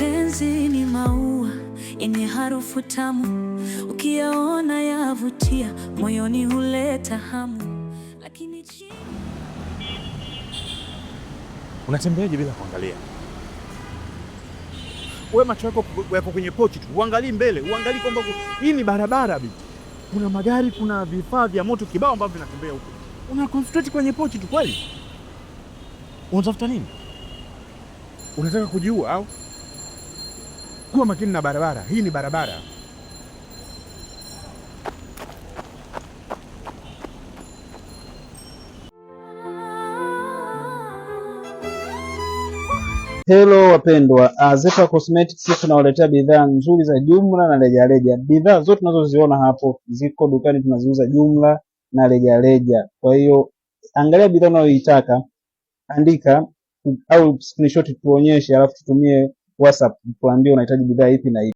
Mapenzi ni maua yenye harufu tamu, ukiyaona yavutia, moyoni huleta hamu, lakini chini... unatembeaje bila kuangalia? Wewe macho yako yako kwenye pochi tu, uangalii mbele, uangalii kwamba hii ni barabara bi. Kuna magari, kuna vifaa vya moto kibao ambavyo vinatembea huko, una concentrate kwenye pochi tu. Kweli unatafuta nini? Unataka kujiua au? kuwa makini na barabara hii, ni barabara Hello wapendwa, Azeta ah, Cosmetics sisi tunawaletea bidhaa nzuri za jumla na rejareja. Bidhaa zote tunazoziona hapo ziko dukani, tunaziuza jumla na rejareja. Kwa hiyo angalia bidhaa unayoitaka, andika au screenshot tuonyeshe, alafu tutumie WhatsApp kuambia unahitaji bidhaa ipi na ipi.